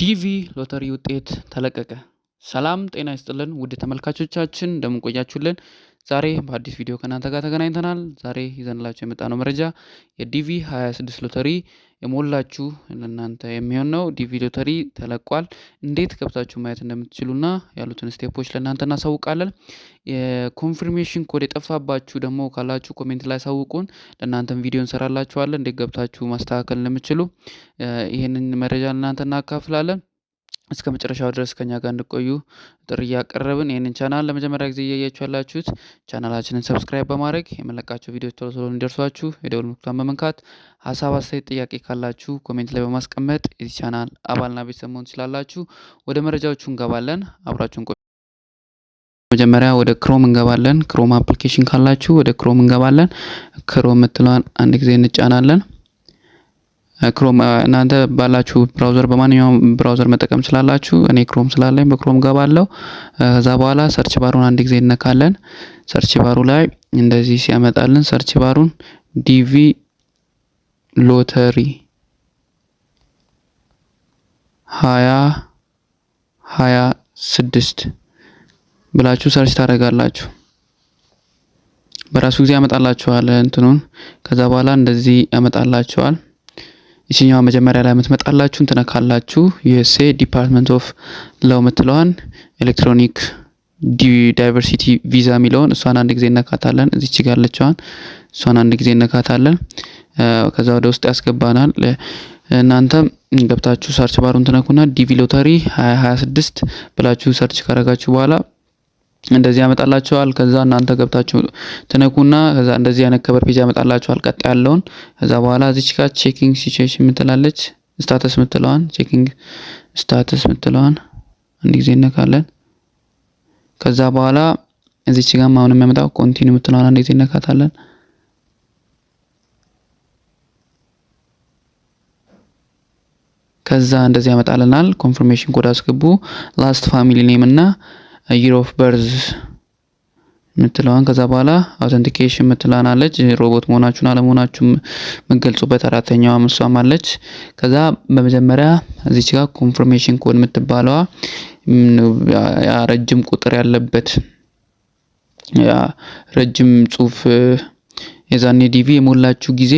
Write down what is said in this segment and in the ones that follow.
ዲቪ ሎተሪ ውጤት ተለቀቀ። ሰላም ጤና ይስጥልን ውድ ተመልካቾቻችን እንደምንቆያችሁልን ዛሬ በአዲስ ቪዲዮ ከእናንተ ጋር ተገናኝተናል። ዛሬ ይዘንላችሁ የመጣነው መረጃ የዲቪ 26 ሎተሪ የሞላችሁ ለእናንተ የሚሆን ነው። ዲቪ ሎተሪ ተለቋል። እንዴት ገብታችሁ ማየት እንደምትችሉና ያሉትን ስቴፖች ለእናንተ እናሳውቃለን። የኮንፊርሜሽን ኮድ የጠፋባችሁ ደግሞ ካላችሁ ኮሜንት ላይ ሳውቁን፣ ለእናንተም ቪዲዮ እንሰራላችኋለን እንዴት ገብታችሁ ማስተካከል እንደምትችሉ። ይህንን መረጃ ለእናንተ እናካፍላለን። እስከ መጨረሻው ድረስ ከኛ ጋር እንድቆዩ ጥሪ እያቀረብን ይህንን ቻናል ለመጀመሪያ ጊዜ እያያችሁ ያላችሁት ቻናላችንን ሰብስክራይብ በማድረግ የመለቃቸው ቪዲዮች ቶሎ ቶሎ እንዲደርሷችሁ የደውል ምልክቷን በመንካት ሀሳብ፣ አስተያየት፣ ጥያቄ ካላችሁ ኮሜንት ላይ በማስቀመጥ የዚህ ቻናል አባልና ቤተሰብ መሆን ትችላላችሁ። ወደ መረጃዎቹ እንገባለን። አብራችሁን ቆዩ። መጀመሪያ ወደ ክሮም እንገባለን። ክሮም አፕሊኬሽን ካላችሁ ወደ ክሮም እንገባለን። ክሮም የምትለዋን አንድ ጊዜ እንጫናለን። ክሮም እናንተ ባላችሁ ብራውዘር በማንኛውም ብራውዘር መጠቀም ስላላችሁ እኔ ክሮም ስላለኝ በክሮም ገባለው። ከዛ በኋላ ሰርች ባሩን አንድ ጊዜ እነካለን። ሰርች ባሩ ላይ እንደዚህ ሲያመጣልን ሰርች ባሩን ዲቪ ሎተሪ ሀያ ሀያ ስድስት ብላችሁ ሰርች ታደርጋላችሁ። በራሱ ጊዜ ያመጣላችኋል እንትኑን። ከዛ በኋላ እንደዚህ ያመጣላችኋል። ይችኛዋ መጀመሪያ ላይ የምትመጣላችሁ እንትነካላችሁ ዩኤስኤ ዲፓርትመንት ኦፍ ለው የምትለዋን ኤሌክትሮኒክ ዳይቨርሲቲ ቪዛ የሚለውን እሷን አንድ ጊዜ እነካታለን። እዚህ ጋር ያለችዋን እሷን አንድ ጊዜ እነካታለን። ከዛ ወደ ውስጥ ያስገባናል። እናንተም ገብታችሁ ሰርች ባሩን ትነኩና ዲቪ ሎተሪ 2026 ብላችሁ ሰርች ካረጋችሁ በኋላ እንደዚህ ያመጣላችኋል። ከዛ እናንተ ገብታችሁ ትነኩና ከዛ እንደዚህ አይነት ከበር ፔጅ ያመጣላችኋል። ቀጥ ያለውን ከዛ በኋላ እዚች ጋር ቼኪንግ ሲቹዌሽን ምትላለች ስታተስ ምትለዋን ቼኪንግ ስታተስ ምትለዋን አንድ ጊዜ እነካለን። ከዛ በኋላ እዚች ጋር አሁን የሚያመጣው ኮንቲኒው ምትለዋን አንድ ጊዜ እነካታለን። ከዛ እንደዚህ ያመጣልናል። ኮንፈርሜሽን ኮድ አስገቡ ላስት ፋሚሊ ኔም እና ይር ኦፍ በርዝ የምትለዋን ከዛ በኋላ አውተንቲኬሽን የምትለዋን አለች። ሮቦት መሆናችሁን አለመሆናችሁ የምትገልጹበት አራተኛዋ እሷም አለች። ከዛ በመጀመሪያ እዚች ጋር ኮንፍርሜሽን ኮድ የምትባለዋ ረጅም ቁጥር ያለበት ረጅም ጽሁፍ የዛኔ ዲቪ የሞላችሁ ጊዜ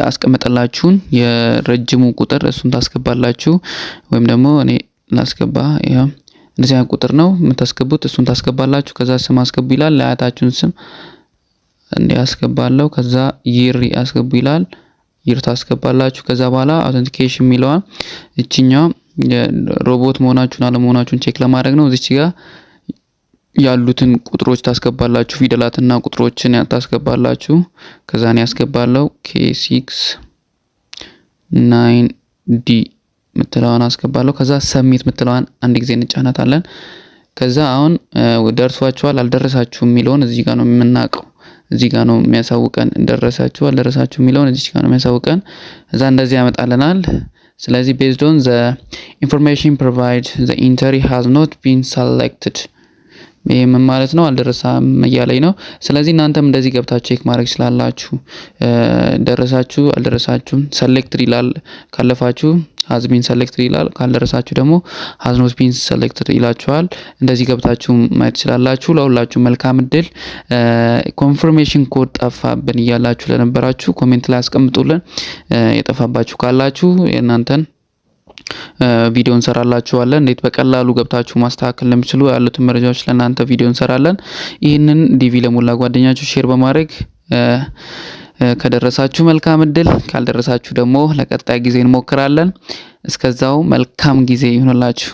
ያስቀመጠላችሁን የረጅሙ ቁጥር እሱን ታስገባላችሁ። ወይም ደግሞ እኔ ላስገባ እንደዚህ አይነት ቁጥር ነው የምታስገቡት። እሱን ታስገባላችሁ። ከዛ ስም አስገቡ ይላል። ለአያታችሁን ስም እንዲ ያስገባለው። ከዛ ይር አስገቡ ይላል። ይር ታስገባላችሁ። ከዛ በኋላ አውተንቲኬሽን የሚለዋ እችኛው ሮቦት መሆናችሁን አለመሆናችሁን ቼክ ለማድረግ ነው። እዚች ጋር ያሉትን ቁጥሮች ታስገባላችሁ። ፊደላትና ቁጥሮችን ታስገባላችሁ። ከዛን ያስገባለው ኬ ሲክስ ናይን ዲ ምትለዋን አስገባለሁ። ከዛ ሰሚት ምትለዋን አንድ ጊዜ እንጫናታለን። ከዛ አሁን ደርሷችኋል አልደረሳችሁ የሚለውን እዚህ ጋር ነው የምናውቀው። እዚህ ጋር ነው የሚያሳውቀን። ደረሳችሁ አልደረሳችሁ የሚለውን እዚህ ጋር ነው የሚያሳውቀን። እዛ እንደዚህ ያመጣልናል። ስለዚህ ቤዝድ ኦን ዘ ኢንፎርሜሽን ፕሮቫይድ ዘ ኢንተሪ ሃዝ ኖት ቢን ሰሌክትድ ይህም ማለት ነው አልደረሳም እያለኝ ነው። ስለዚህ እናንተም እንደዚህ ገብታችሁ ቼክ ማድረግ ስላላችሁ ደረሳችሁ አልደረሳችሁም ሰሌክትድ ይላል ካለፋችሁ ሀዝ ቢን ሰሌክትድ ይላል። ካልደረሳችሁ ደግሞ ሀዝ ኖት ቢን ሰሌክትድ ይላችኋል። እንደዚህ ገብታችሁ ማየት ትችላላችሁ። ለሁላችሁ መልካም እድል። ኮንፈርሜሽን ኮድ ጠፋብን እያላችሁ ለነበራችሁ ኮሜንት ላይ አስቀምጡልን። የጠፋባችሁ ካላችሁ የእናንተን ቪዲዮ እንሰራላችኋለን። እንዴት በቀላሉ ገብታችሁ ማስተካከል እንደምችሉ ያሉትን መረጃዎች ለእናንተ ቪዲዮ እንሰራለን። ይህንን ዲቪ ለሞላ ጓደኛችሁ ሼር በማድረግ ከደረሳችሁ መልካም እድል፣ ካልደረሳችሁ ደግሞ ለቀጣይ ጊዜ እንሞክራለን። እስከዛው መልካም ጊዜ ይሁንላችሁ።